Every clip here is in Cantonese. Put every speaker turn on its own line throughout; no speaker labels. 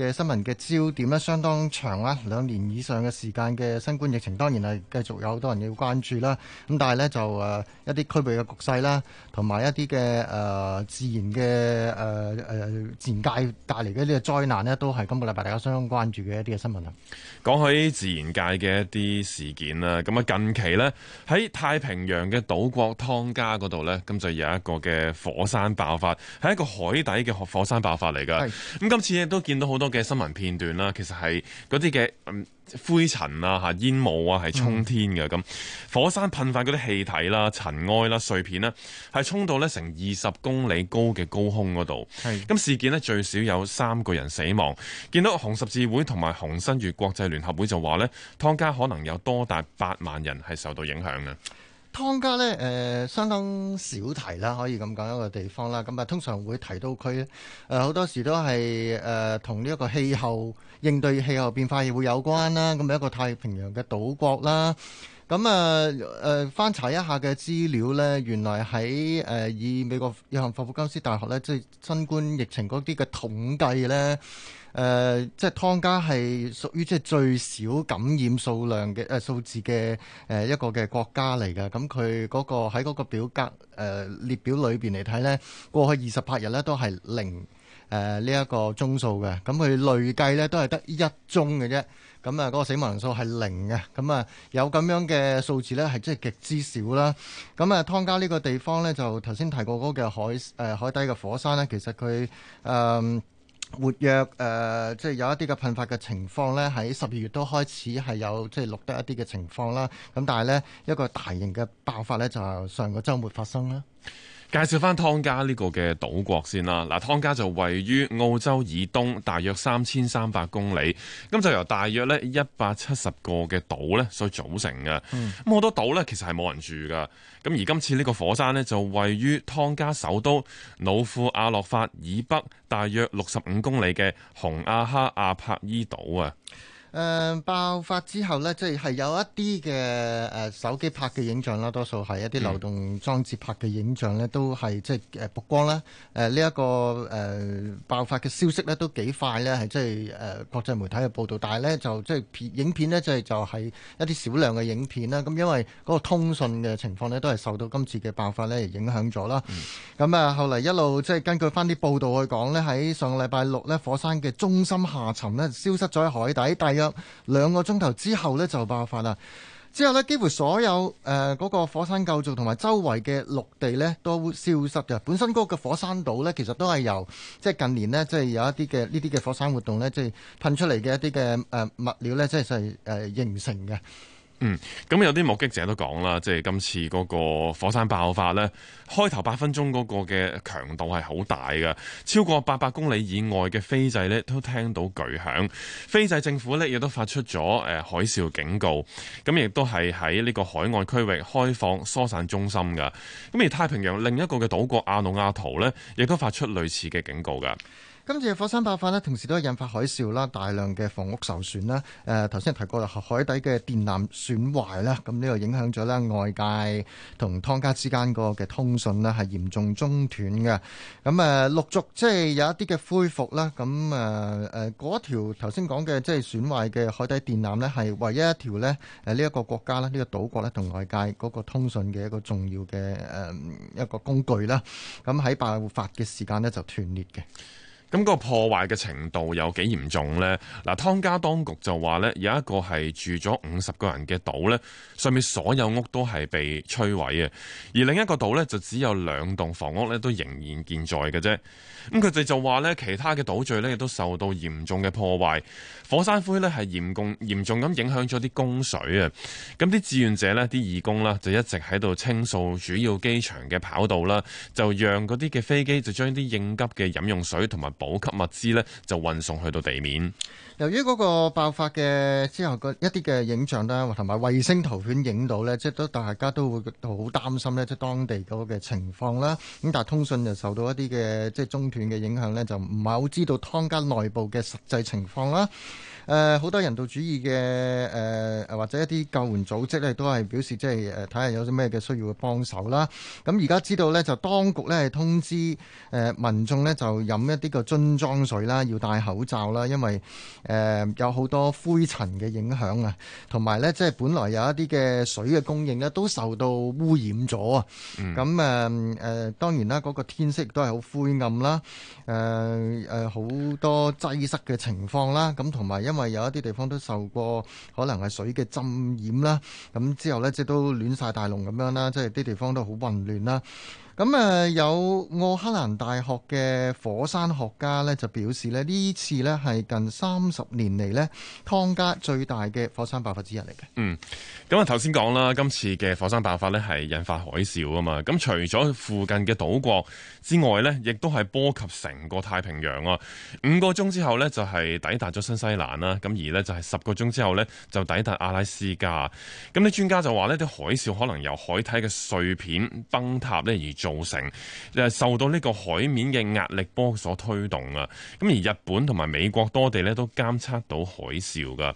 嘅新聞嘅焦點咧，相當長啦，兩年以上嘅時間嘅新冠疫情，當然係繼續有好多人要關注啦。咁但係咧就誒一啲區域嘅局勢啦，同埋一啲嘅誒自然嘅誒誒自然界帶嚟嘅呢個災難咧，都係今個禮拜大家相當關注嘅一啲嘅新聞啊。
講起自然界嘅一啲事件啦，咁啊近期咧喺太平洋嘅島國湯加嗰度咧，咁就有一個嘅火山爆發，係一個海底嘅火山爆發嚟㗎。咁今次亦都見到好多。嘅新聞片段啦，其實係嗰啲嘅灰塵啊、嚇煙霧啊，係沖天嘅咁，嗯。火山噴發嗰啲氣體啦、啊、塵埃啦、啊、碎片啦、啊，係衝到咧成二十公里高嘅高空嗰度。係咁事件呢，最少有三個人死亡。見到紅十字會同埋紅新月國際聯合會就話咧，湯加可能有多達八萬人係受到影響嘅。
湯加咧，誒、呃、相當少提啦，可以咁講一個地方啦。咁啊，通常會提到佢，誒、呃、好多時都係誒同呢一個氣候應對氣候變化而會有關啦。咁一個太平洋嘅島國啦，咁啊誒翻查一下嘅資料咧，原來喺誒、呃、以美國約翰霍普金斯大學咧，即係新冠疫情嗰啲嘅統計咧。誒、呃，即係湯加係屬於即係最少感染數量嘅誒、呃、數字嘅誒、呃、一個嘅國家嚟嘅。咁佢嗰個喺嗰個表格誒、呃、列表裏邊嚟睇呢，過去二十八日呢都係零誒呢一個宗數嘅。咁、嗯、佢累計呢都係得一宗嘅啫。咁、嗯、啊，嗰、那個死亡人數係零嘅。咁、嗯、啊，有咁樣嘅數字呢係即係極之少啦。咁、嗯、啊，湯加呢個地方呢，就頭先提過嗰個海誒、呃、海底嘅火山呢，其實佢誒、呃活躍誒，即、呃、係、就係、有一啲嘅噴發嘅情況咧，喺十二月都開始係有即係、就係、錄得一啲嘅情況啦。咁但係咧，一個大型嘅爆發咧，就係、上個週末發生啦。
介紹翻湯加呢個嘅島國先啦。嗱，湯加就位於澳洲以東，大約三千三百公里。咁就由大約咧一百七十個嘅島咧所組成嘅。咁、嗯、好多島咧其實係冇人住㗎。咁而今次呢個火山咧就位於湯加首都努庫阿洛法以北大約六十五公里嘅洪阿哈阿帕伊島啊。
誒、嗯、爆發之後呢，即係係有一啲嘅誒手機拍嘅影像啦，多數係一啲流動裝置拍嘅影像呢，都、嗯、係即係誒曝光啦。誒呢一個誒、呃、爆發嘅消息呢，都幾快呢，係即係誒國際媒體嘅報導，但係呢，就即係片影片呢，即係就係一啲少量嘅影片啦。咁因為嗰個通訊嘅情況呢，都係受到今次嘅爆發呢而影響咗啦。咁、嗯、啊，後嚟一路即係根據翻啲報導去講呢，喺上個禮拜六呢，火山嘅中心下沉呢，消失咗喺海底，但兩個鐘頭之後咧，就爆發啦，之後咧，幾乎所有誒嗰、呃那個火山構造同埋周圍嘅陸地咧，都消失嘅。本身嗰個火山島咧，其實都係由即係、就是、近年咧，即係有一啲嘅呢啲嘅火山活動咧，即係噴出嚟嘅一啲嘅誒物料咧，即係就係誒形成嘅。
嗯，咁有啲目擊者都講啦，即係今次嗰個火山爆發呢，開頭八分鐘嗰個嘅強度係好大㗎。超過八百公里以外嘅斐濟呢，都聽到巨響，斐濟政府呢，亦都發出咗誒、呃、海嘯警告，咁亦都係喺呢個海外區域開放疏散中心噶，咁而太平洋另一個嘅島國阿努阿圖呢，亦都發出類似嘅警告噶。
今次火山爆發咧，同時都係引發海嘯啦，大量嘅房屋受損啦。誒、呃，頭先提過啦，海底嘅電纜損壞啦，咁呢個影響咗咧外界同湯加之間個嘅通訊咧係嚴重中斷嘅。咁、嗯、誒陸續即係有一啲嘅恢復啦。咁誒誒嗰條頭先講嘅即係損壞嘅海底電纜呢，係唯一一條咧誒呢一個國家咧呢、呢個島國咧同外界嗰個通訊嘅一個重要嘅誒、嗯、一個工具啦。咁、嗯、喺爆發嘅時間呢，就斷裂嘅。
咁、那個破壞嘅程度有幾嚴重呢？嗱，湯加當局就話呢有一個係住咗五十個人嘅島呢上面所有屋都係被摧毀嘅；而另一個島呢就只有兩棟房屋呢都仍然健在嘅啫。咁佢哋就話呢其他嘅島嶼呢亦都受到嚴重嘅破壞，火山灰呢係嚴重嚴重咁影響咗啲供水啊！咁啲志願者呢啲義工啦，就一直喺度清掃主要機場嘅跑道啦，就讓嗰啲嘅飛機就將啲應急嘅飲用水同埋。補給物資咧就運送去到地面。
由於嗰個爆發嘅之後個一啲嘅影像啦，同埋衛星圖片影到咧，即係都大家都會好擔心咧，即係當地嗰個嘅情況啦。咁但係通訊就受到一啲嘅即係中斷嘅影響咧，就唔係好知道湯加內部嘅實際情況啦。誒、呃、好多人道主義嘅誒、呃、或者一啲救援組織咧，都係表示即係誒睇下有啲咩嘅需要嘅幫手啦。咁而家知道咧，就當局咧係通知誒、呃、民眾咧就飲一啲個樽裝水啦，要戴口罩啦，因為誒、呃、有好多灰塵嘅影響啊，同埋咧即係本來有一啲嘅水嘅供應咧都受到污染咗、嗯、啊。咁誒誒當然啦，嗰、嗰個、天色都係好灰暗啦，誒誒好多擠塞嘅情況啦，咁同埋因為有一啲地方都受過可能係水嘅浸染啦，咁之後呢，即都亂晒大龍咁樣啦，即係啲地方都好混亂啦。咁啊，有奧克蘭大學嘅火山學家咧，就表示咧，呢次咧係近三十年嚟咧，湯加最大嘅火山爆發之一嚟嘅，嗯。嗯，
咁啊頭先講啦，今次嘅火山爆發咧係引發海嘯啊嘛。咁，嗯嗯，除咗附近嘅島國之外咧，亦都係波及成個太平洋啊。五個鐘之後咧就係抵達咗新西蘭啦，咁，嗯，而咧就係十個鐘之後咧就抵達阿拉斯加。咁，嗯，啲，嗯，專家就話咧，啲海嘯可能由海底嘅碎片崩塌咧而造成就受到呢個海面嘅壓力波所推動啊。咁而日本同埋美國多地呢都監測到海嘯噶。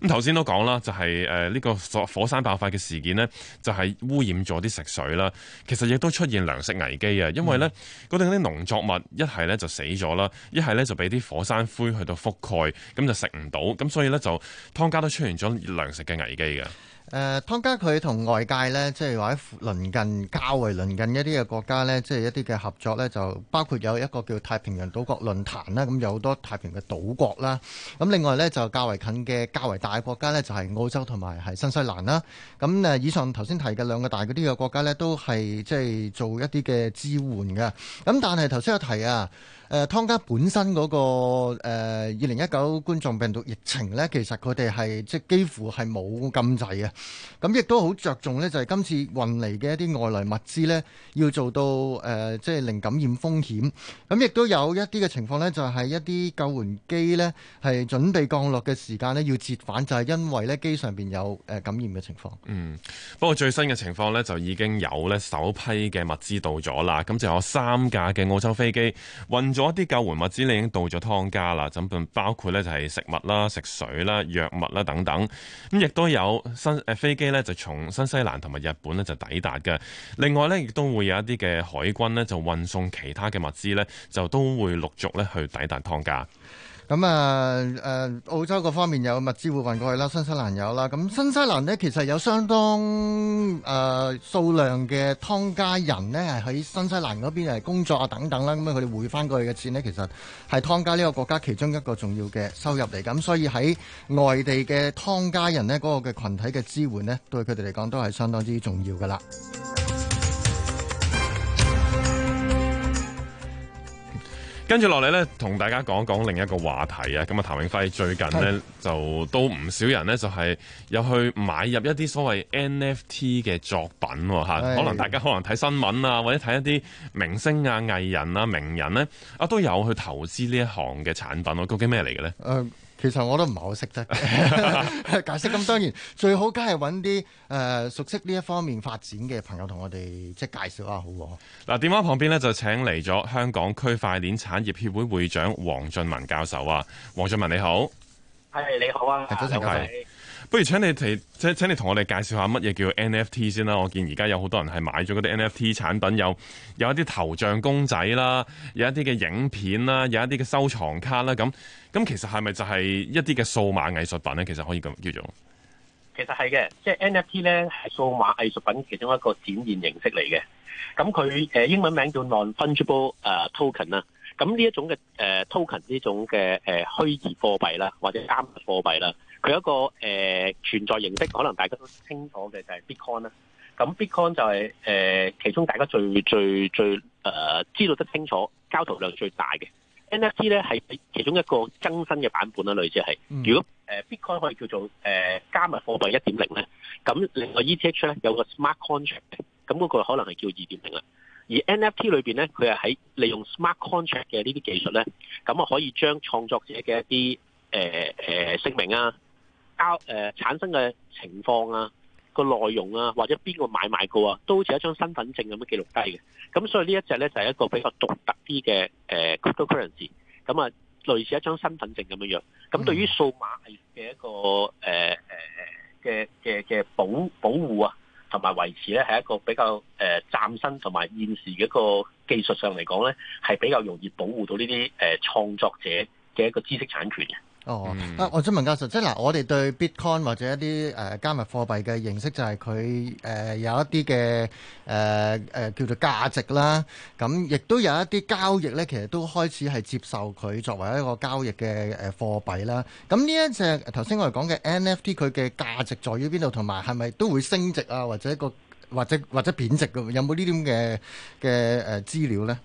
咁頭先都講啦，就係誒呢個火火山爆發嘅事件呢，就係污染咗啲食水啦。其實亦都出現糧食危機啊，因為呢嗰啲農作物一係呢就死咗啦，一係呢就俾啲火山灰去到覆蓋，咁就食唔到，咁所以呢，就湯加都出現咗糧食嘅危機嘅。
誒，湯加佢同外界呢，即係話喺鄰近較為鄰近一啲嘅國家呢，即係一啲嘅合作呢，就包括有一個叫太平洋島國論壇啦。咁有好多太平洋嘅島國啦。咁另外呢，就較為近嘅較為大嘅國家呢，就係澳洲同埋係新西蘭啦。咁誒，以上頭先提嘅兩個大啲嘅國家呢，都係即係做一啲嘅支援嘅。咁但係頭先有提啊。誒湯加本身嗰、那個誒二零一九冠狀病毒疫情咧，其實佢哋係即係幾乎係冇禁制啊，咁亦都好着重咧，就係、是、今次運嚟嘅一啲外來物資咧，要做到誒、呃、即係零感染風險，咁亦都有一啲嘅情況咧，就係、是、一啲救援機咧係準備降落嘅時間咧，要折返，就係、是、因為咧機上邊有誒感染嘅情況
嗯，不過最新嘅情況咧，就已經有咧首批嘅物資到咗啦。咁就有三架嘅澳洲飛機運咗。嗰啲救援物資咧已經到咗湯加啦，準備包括咧就係食物啦、食水啦、藥物啦等等，咁亦都有新誒飛機咧就從新西蘭同埋日本咧就抵達嘅，另外咧亦都會有一啲嘅海軍咧就運送其他嘅物資咧，就都會陸續咧去抵達湯加。
咁啊，誒、呃、澳洲嗰方面有物資會運過去啦，新西蘭有啦。咁新西蘭呢，其實有相當誒、呃、數量嘅湯加人呢，係喺新西蘭嗰邊係工作啊等等啦。咁佢哋匯翻過去嘅錢呢，其實係湯加呢個國家其中一個重要嘅收入嚟。咁所以喺外地嘅湯加人呢，嗰、那個嘅群體嘅支援呢，對佢哋嚟講都係相當之重要噶啦。
跟住落嚟呢，同大家講講另一個話題啊！咁啊，譚永輝最近呢，就都唔少人呢，就係、是、有去買入一啲所謂 NFT 嘅作品吓。可能大家可能睇新聞啊，或者睇一啲明星啊、藝人啊、名人呢，啊，都有去投資呢一行嘅產品，啊。究竟咩
嚟嘅呢？嗯其實我都唔係好識得的 解釋，咁當然最好梗係揾啲誒熟悉呢一方面發展嘅朋友同我哋即係介紹下好喎。嗱、啊，電話
旁邊呢，就請嚟咗香港區塊鏈產業協會會長王俊文教授啊，王俊文你好，
係你好啊，早晨，各位。
不如請你提請請你同我哋介紹下乜嘢叫 NFT 先啦。我見而家有好多人係買咗嗰啲 NFT 產品，有有一啲頭像公仔啦，有一啲嘅影片啦，有一啲嘅收藏卡啦。咁咁其實係咪就係一啲嘅數碼藝術品咧？其實可以咁叫做。
其實係嘅，即係 NFT 咧係數碼藝術品其中一個展現形式嚟嘅。咁佢誒英文名叫 Non-Fungible 誒、uh, Token 啦。咁呢一種嘅誒 Token 呢種嘅誒虛擬貨幣啦，或者加密貨幣啦。佢有一個誒、呃、存在形式，可能大家都清楚嘅就係、是、Bitcoin 啦。咁 Bitcoin 就係、是、誒、呃、其中大家最最最誒、呃、知道得清楚、交投量最大嘅 NFT 咧，係其中一個更新嘅版本啦，類似係。如果 Bitcoin 可以叫做誒、呃、加密貨幣一點零咧，咁另外 ETH 咧有個 Smart Contract 嘅，咁嗰個可能係叫二點零啦。而 NFT 裏面咧，佢係喺利用 Smart Contract 嘅呢啲技術咧，咁啊可以將創作者嘅一啲誒誒聲明啊～交誒產生嘅情況啊，個內容啊，或者邊個買賣過啊，都好似一張身份證咁樣記錄低嘅。咁所以呢一隻咧就係、是、一個比較獨特啲嘅誒 cryptocurrency，咁啊類似一張身份證咁樣樣。咁對於數碼嘅一個誒嘅嘅嘅保保護啊，同埋維持咧係一個比較誒嶄新同埋現時嘅一個技術上嚟講咧，係比較容易保護到呢啲誒創作者嘅一個知識產
權嘅。哦、嗯，啊，我想問教授，即係嗱、啊，我哋對 Bitcoin 或者一啲誒、呃、加密貨幣嘅認識就係佢誒有一啲嘅誒叫做價值啦。咁、嗯、亦都有一啲交易咧，其實都開始係接受佢作為一個交易嘅誒、呃、貨幣啦。咁、嗯、呢一隻頭先我哋講嘅 NFT，佢嘅價值在於邊度，同埋係咪都會升值啊，或者一個或者或者貶值嘅、啊？有冇呢啲咁嘅嘅誒資料咧？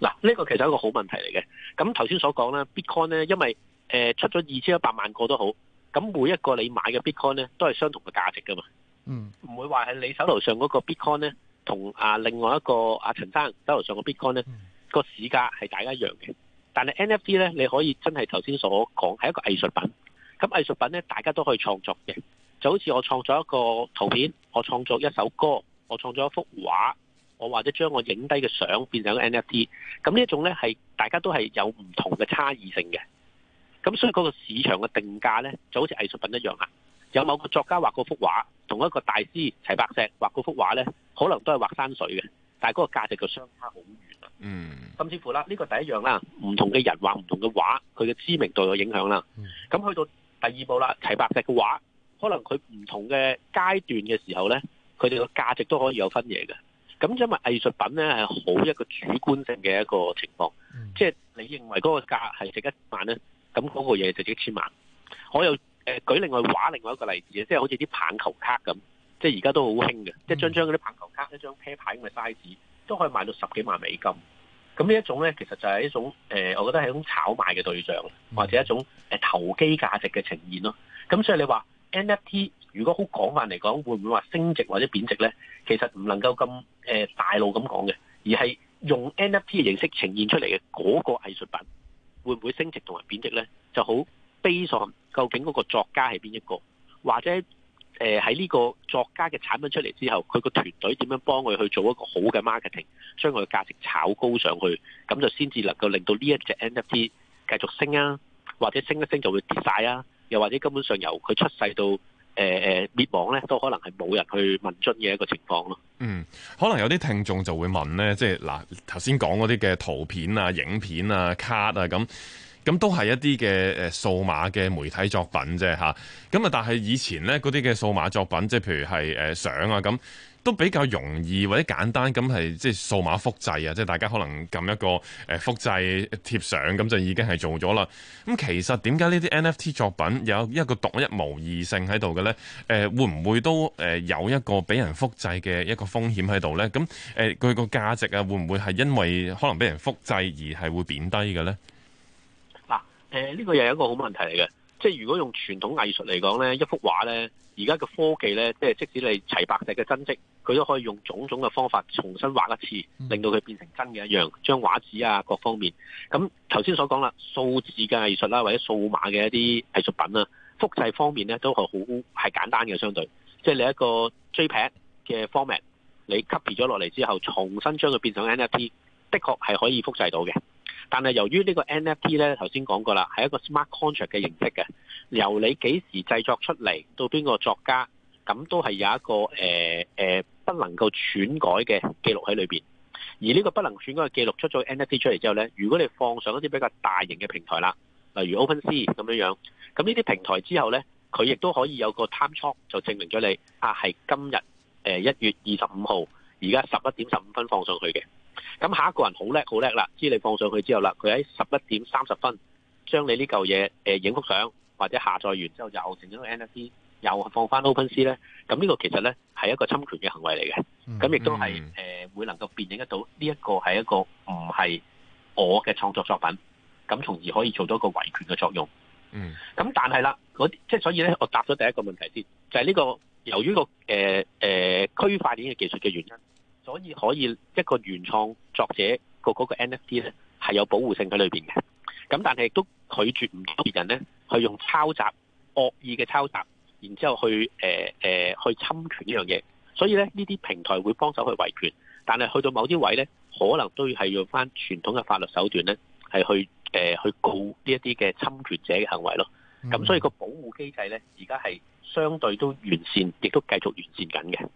嗱、啊，呢、呢個其實係一個好問題嚟嘅。咁頭先所講咧，Bitcoin 咧，因為出咗二千一百萬個都好，咁每一個你買嘅 bitcoin 咧，都係相同嘅價值噶嘛。嗯，唔會話係你手頭上嗰個 bitcoin 咧，同啊另外一個啊陳生手頭上個 bitcoin 咧，個、嗯、市價係大家一樣嘅。但係 NFT 咧，你可以真係頭先所講，係一個藝術品。咁藝術品咧，大家都可以創作嘅。就好似我創作一個圖片，我創作一首歌，我創作一幅畫，我或者將我影低嘅相變成個 NFT。咁呢一種咧，係大家都係有唔同嘅差異性嘅。咁所以嗰個市場嘅定價咧，就好似藝術品一樣啊！有某個作家畫個幅畫，同一個大師齊白石畫嗰幅畫咧，可能都係畫山水嘅，但係嗰個價值就相差好遠啊！嗯、mm.，甚至乎啦，呢、這個第一樣啦，唔同嘅人畫唔同嘅畫，佢嘅知名度有影響啦。咁、mm. 去到第二步啦，齊白石嘅畫，可能佢唔同嘅階段嘅時候咧，佢哋個價值都可以有分嘢嘅。咁因為藝術品咧係好一個主觀性嘅一個情況，即係你認為嗰個價係值一萬咧。咁、那、嗰個嘢就值千萬。我又舉另外話，另外一個例子，即係好似啲棒球卡咁，即係而家都好興嘅，一張張嗰啲棒球卡，一張啤牌咁嘅 size 都可以賣到十幾萬美金。咁呢一種咧，其實就係一種我覺得係一種炒賣嘅對象，或者一種誒投機價值嘅呈現咯。咁所以你話 NFT 如果好廣泛嚟講，會唔會話升值或者貶值咧？其實唔能夠咁、呃、大路咁講嘅，而係用 NFT 嘅形式呈現出嚟嘅嗰個藝術品。會唔會升值同埋貶值呢？就好悲喪。究竟嗰個作家係邊一個？或者喺呢個作家嘅產品出嚟之後，佢個團隊點樣幫佢去做一個好嘅 marketing，將佢嘅價值炒高上去，咁就先至能夠令到呢一隻 NFT 繼續升啊，或者升一升就會跌晒啊，又或者根本上由佢出世到，誒、呃、滅亡咧，都可能係冇人去問津嘅一個情況咯。嗯，
可能有啲聽眾就會問咧，即係嗱頭先講嗰啲嘅圖片啊、影片啊、卡啊咁，咁都係一啲嘅誒數碼嘅媒體作品啫嚇。咁啊，但係以前咧嗰啲嘅數碼作品，即係譬如係誒、呃、相啊咁。都比較容易或者簡單咁係即係數碼複製啊，即係大家可能撳一個誒複製貼上咁就已經係做咗啦。咁其實點解呢啲 NFT 作品有一個獨一無二性喺度嘅咧？誒會唔會都誒有一個俾人複製嘅一個風險喺度咧？咁誒佢個價值啊會唔會係因為可能俾人複製而係會貶低嘅咧？嗱誒呢個又
係一個好問題嚟嘅。即係如果用傳統藝術嚟講呢，一幅畫呢，而家嘅科技呢，即係即使你齊白石嘅真跡，佢都可以用種種嘅方法重新畫一次，令到佢變成真嘅一樣。將畫紙啊各方面，咁頭先所講啦，數字嘅藝術啦，或者數碼嘅一啲藝術品啦，複製方面呢都係好係簡單嘅相對。即係你一個 JPEG 嘅 format，你 copy 咗落嚟之後，重新將佢變成 NFT，的確係可以複製到嘅。但係由於呢個 NFT 咧，頭先講過啦，係一個 smart contract 嘅形式嘅。由你幾時製作出嚟到邊個作家，咁都係有一個誒、呃呃、不能夠篡改嘅記錄喺裏面。而呢個不能篡改嘅記錄出咗 NFT 出嚟之後咧，如果你放上一啲比較大型嘅平台啦，例如 OpenSea 咁樣樣，咁呢啲平台之後咧，佢亦都可以有個 timestamp 就證明咗你啊係今日誒一月二十五號，而家十一點十五分放上去嘅。咁下一個人好叻好叻啦，知你放上去之後啦，佢喺十一點三十分將你呢嚿嘢誒影幅相，或者下載完之後又成咗個 NFT 又放翻 OpenSea 咧，咁呢個其實咧係一個侵權嘅行為嚟嘅，咁亦都係誒、呃、會能夠辨認得到呢一個係一個唔係我嘅創作作品，咁從而可以做到一個維權嘅作用。嗯，咁但係啦，即係所以咧，我答咗第一個問題先，就係、是、呢、這個由於一個誒誒、呃呃、區塊鏈嘅技術嘅原因。所以可以一個原創作者個嗰個 NFT 咧係有保護性喺裏邊嘅，咁但係亦都拒絕唔到別人咧去用抄襲惡意嘅抄襲，然之後去誒誒、呃呃、去侵權呢樣嘢。所以咧呢啲平台會幫手去維權，但係去到某啲位咧，可能都要係用翻傳統嘅法律手段咧，係去誒、呃、去告呢一啲嘅侵權者嘅行為咯。咁、mm -hmm。所以個保護機制咧，而家係相對都完善，亦都繼續完善緊嘅。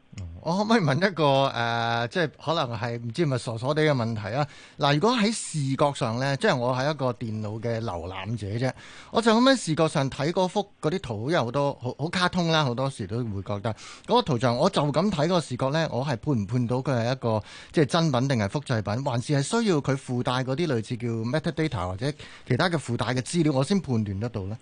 我可唔可以問一個誒、呃，即係可能係唔知係咪傻傻哋嘅問題啊？嗱，如果喺視覺上咧，即係我係一個電腦嘅瀏覽者啫，我就咁樣視覺上睇嗰幅嗰啲圖，有好多好好卡通啦，好多時都會覺得嗰、那個圖像，我就咁睇個視覺咧，我係判唔判到佢係一個即係真品定係複製品，還是係需要佢附帶嗰啲類似叫 metadata 或者其他嘅附帶嘅資料，我先判斷得到咧？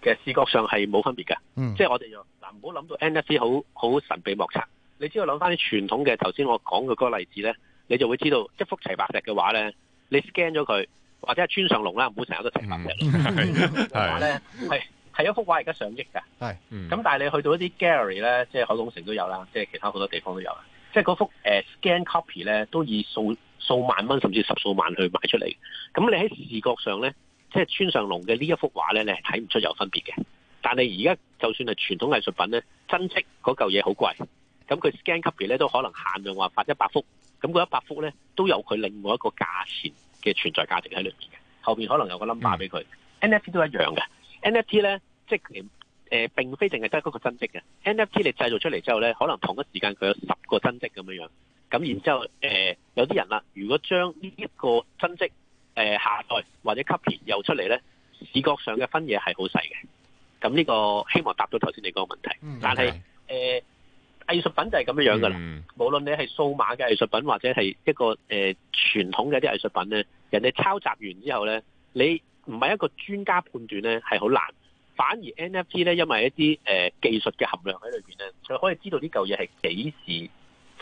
其實視覺上係冇分別嘅，嗯，即係我哋又嗱唔好諗到 NFT 好好神秘莫測。你知道諗翻啲傳統嘅頭先我講嘅嗰個例子咧，你就會知道一幅齊白石嘅畫咧，你 scan 咗佢或者係村上隆啦，唔好成日都齊白石。咧、嗯、係、嗯嗯、一幅畫而家上億
㗎。咁、嗯，
但係你去到一啲 gallery 咧，即係海港城都有啦，即係其他好多地方都有。即係嗰幅、呃、scan copy 咧，都以數數萬蚊甚至十數萬去買出嚟。咁你喺視覺上咧，即係村上隆嘅呢一幅畫咧，你係睇唔出有分別嘅。但係而家就算係傳統藝術品咧，真跡嗰嚿嘢好貴。咁佢 scan copy 咧，都可能限量話發一百幅，咁嗰一百幅咧，都有佢另外一個價錢嘅存在價值喺裏面嘅，後邊可能有個 number 俾佢。NFT 都一樣嘅、嗯、，NFT 咧即係誒、呃，並非淨係得嗰個真跡嘅，NFT 你製造出嚟之後咧，可能同一時間佢有十個真跡咁樣樣，咁然之後誒、呃、有啲人啦、啊，如果將呢一個真跡誒、呃、下載或者 copy 又出嚟咧，視覺上嘅分野係好細嘅，咁呢個希望答到頭先你嗰個問題，嗯、但係誒。藝術品就係咁樣樣噶啦，無論你係數碼嘅藝術品或者係一個誒傳、呃、統嘅啲藝術品咧，人哋抄襲完之後咧，你唔係一個專家判斷咧係好難，反而 NFT 咧因為一啲誒、呃、技術嘅含量喺裏邊咧，佢可以知道啲舊嘢係幾時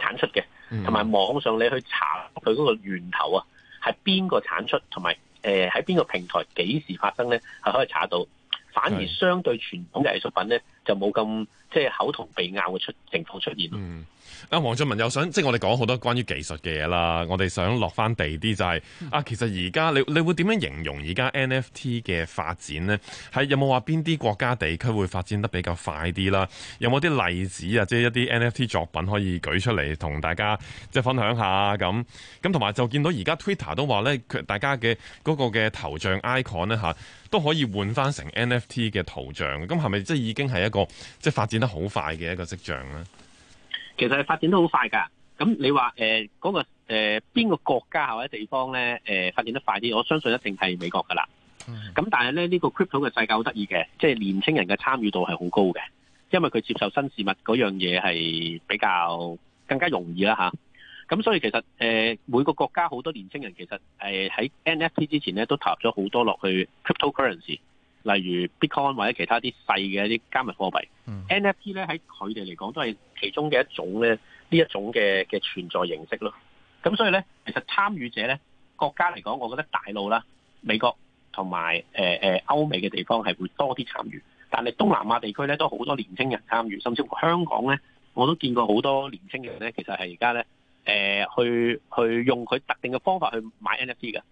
產出嘅，同、嗯、埋網上你去查佢嗰個源頭啊，係邊個產出，同埋誒喺邊個平台幾時發生咧，係可以查到，反而相對傳統嘅藝術品咧。就冇咁即係口同鼻拗嘅出情況出現
咯。嗯，啊王俊文又想即係我哋講好多關於技術嘅嘢啦，我哋想落翻地啲就係、是嗯、啊，其實而家你你會點樣形容而家 NFT 嘅發展咧？係有冇話邊啲國家地區會發展得比較快啲啦？有冇啲例子啊？即係一啲 NFT 作品可以舉出嚟同大家即係分享下啊？咁咁同埋就見到而家 Twitter 都話咧，佢大家嘅嗰個嘅頭像 icon 咧吓、啊、都可以換翻成 NFT 嘅圖像，咁係咪即係已經係一個。哦、即係發展得好快嘅一個跡象啦。
其實發展得好快噶。咁你話誒嗰個誒邊、呃、個國家或者地方咧誒、呃、發展得快啲？我相信一定係美國噶啦。咁、嗯、但係咧呢、這個 crypto 嘅世界好得意嘅，即係年輕人嘅參與度係好高嘅，因為佢接受新事物嗰樣嘢係比較更加容易啦吓。咁所以其實誒、呃、每個國家好多年青人其實誒喺、呃、NFT 之前咧都投入咗好多落去 crypto currency。例如 Bitcoin 或者其他啲細嘅一啲加密貨幣，NFT 咧喺佢哋嚟講都係其中嘅一種咧，呢一種嘅嘅存在形式咯。咁所以咧，其實參與者咧，國家嚟講，我覺得大陸啦、美國同埋誒誒歐美嘅地方係會多啲參與。但係東南亞地區咧都好多年青人參與，甚至乎香港咧，我都見過好多年青人咧，其實係而家咧誒去去用佢特定嘅方法去買 NFT 嘅，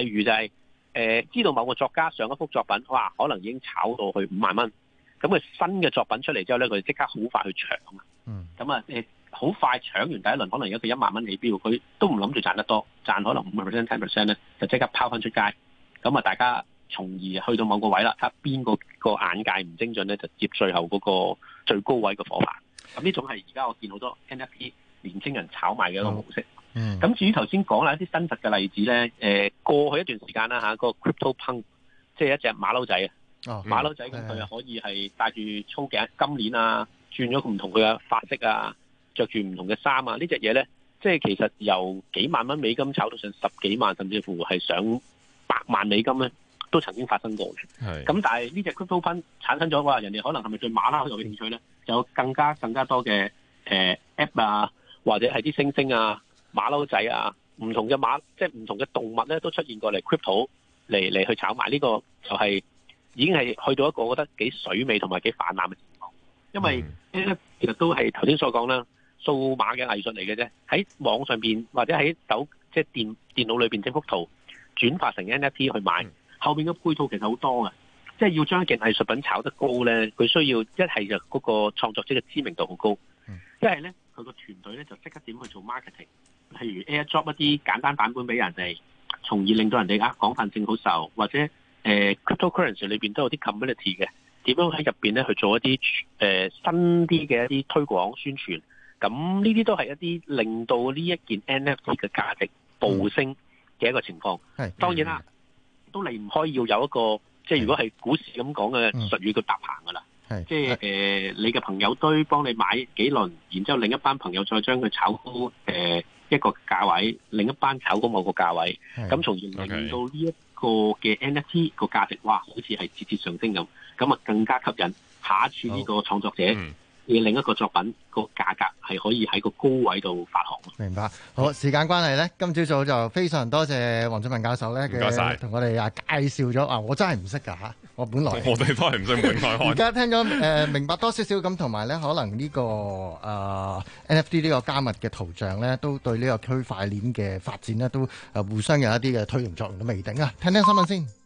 例如就係、是。誒知道某個作家上一幅作品，哇，可能已經炒到去五萬蚊。咁佢新嘅作品出嚟之後咧，佢即刻好快去搶吖嘛。嗯。咁啊，好快搶完第一輪，可能而家佢一萬蚊起標，佢都唔諗住賺得多，賺可能五 percent、十 percent 咧，就即刻拋翻出街。咁啊，大家從而去到某個位啦。睇下邊個眼界唔精準咧，就接最後嗰個最高位嘅火牌。咁呢種係而家我見好多 NFT 年輕人炒賣嘅一個模式。嗯。咁、嗯、至於頭先講啦一啲真實嘅例子咧，誒、呃、過去一段時間啦嚇、啊那個 Crypto Punk 即係一隻馬騮仔啊，
馬騮仔
咁佢可以係戴住粗頸金鏈啊，轉咗唔同佢嘅髮色啊，着住唔同嘅衫啊，隻呢隻嘢咧，即係其實由幾萬蚊美金炒到上十幾萬，甚至乎係上百萬美金咧，都曾經發生過。係咁，但係呢隻 Crypto Punk 產生咗話話，人哋可能係咪對馬騮有興趣咧？就有更加更加多嘅、呃、app 啊，或者係啲星星啊。馬騮仔啊，唔同嘅馬，即係唔同嘅動物咧，都出現過嚟 crypto 嚟，嚟去炒埋呢、這個，就係、是、已經係去到一個我覺得幾水尾同埋幾泛濫嘅情況。因為呢，其實都係頭先所講啦，數碼嘅藝術嚟嘅啫。喺網上邊或者喺手，即係電電腦裏邊整幅圖，轉化成 NFT 去買，後面嘅配套其實好多啊。即係要將一件藝術品炒得高咧，佢需要一係就嗰個創作者嘅知名度好高，嗯、即係咧佢個團隊咧就即刻點去做 marketing。譬如 air drop 一啲簡單版本俾人哋，從而令到人哋啊廣泛性好受，或者誒、呃、cryptocurrency 裏邊都有啲 community 嘅，點樣喺入邊咧去做一啲誒、呃、新啲嘅一啲推廣宣傳，咁呢啲都係一啲令到呢一件 NFT 嘅價值、嗯、暴升嘅一個情況。係、嗯、當然啦、嗯，都離唔開要有一個即係如果係股市咁講嘅術語叫搭棚㗎啦。即係誒、呃嗯、你嘅朋友堆幫你買幾輪，然之後另一班朋友再將佢炒高誒。呃一個價位，另一班炒嗰個價位，咁從而令到呢一個嘅 NFT 個價值，哇，好似係節節上升咁，咁啊更加吸引下一次呢個創作者嘅另一個作品個價格係可以喺個高位度發行。
明白，好時間關係咧，今朝早就非常多謝王俊文教授咧嘅，同我哋啊介紹咗啊，我真係唔識㗎嚇，我本來我對方
係唔識，門外漢，而 家
聽咗誒、呃、明白多少少咁，同埋咧可能呢、呢個啊、呃、 NFT 呢個加密嘅圖像咧，都對呢個區塊鏈嘅發展咧，都誒互相有一啲嘅推動作用都未定啊，聽聽新聞先。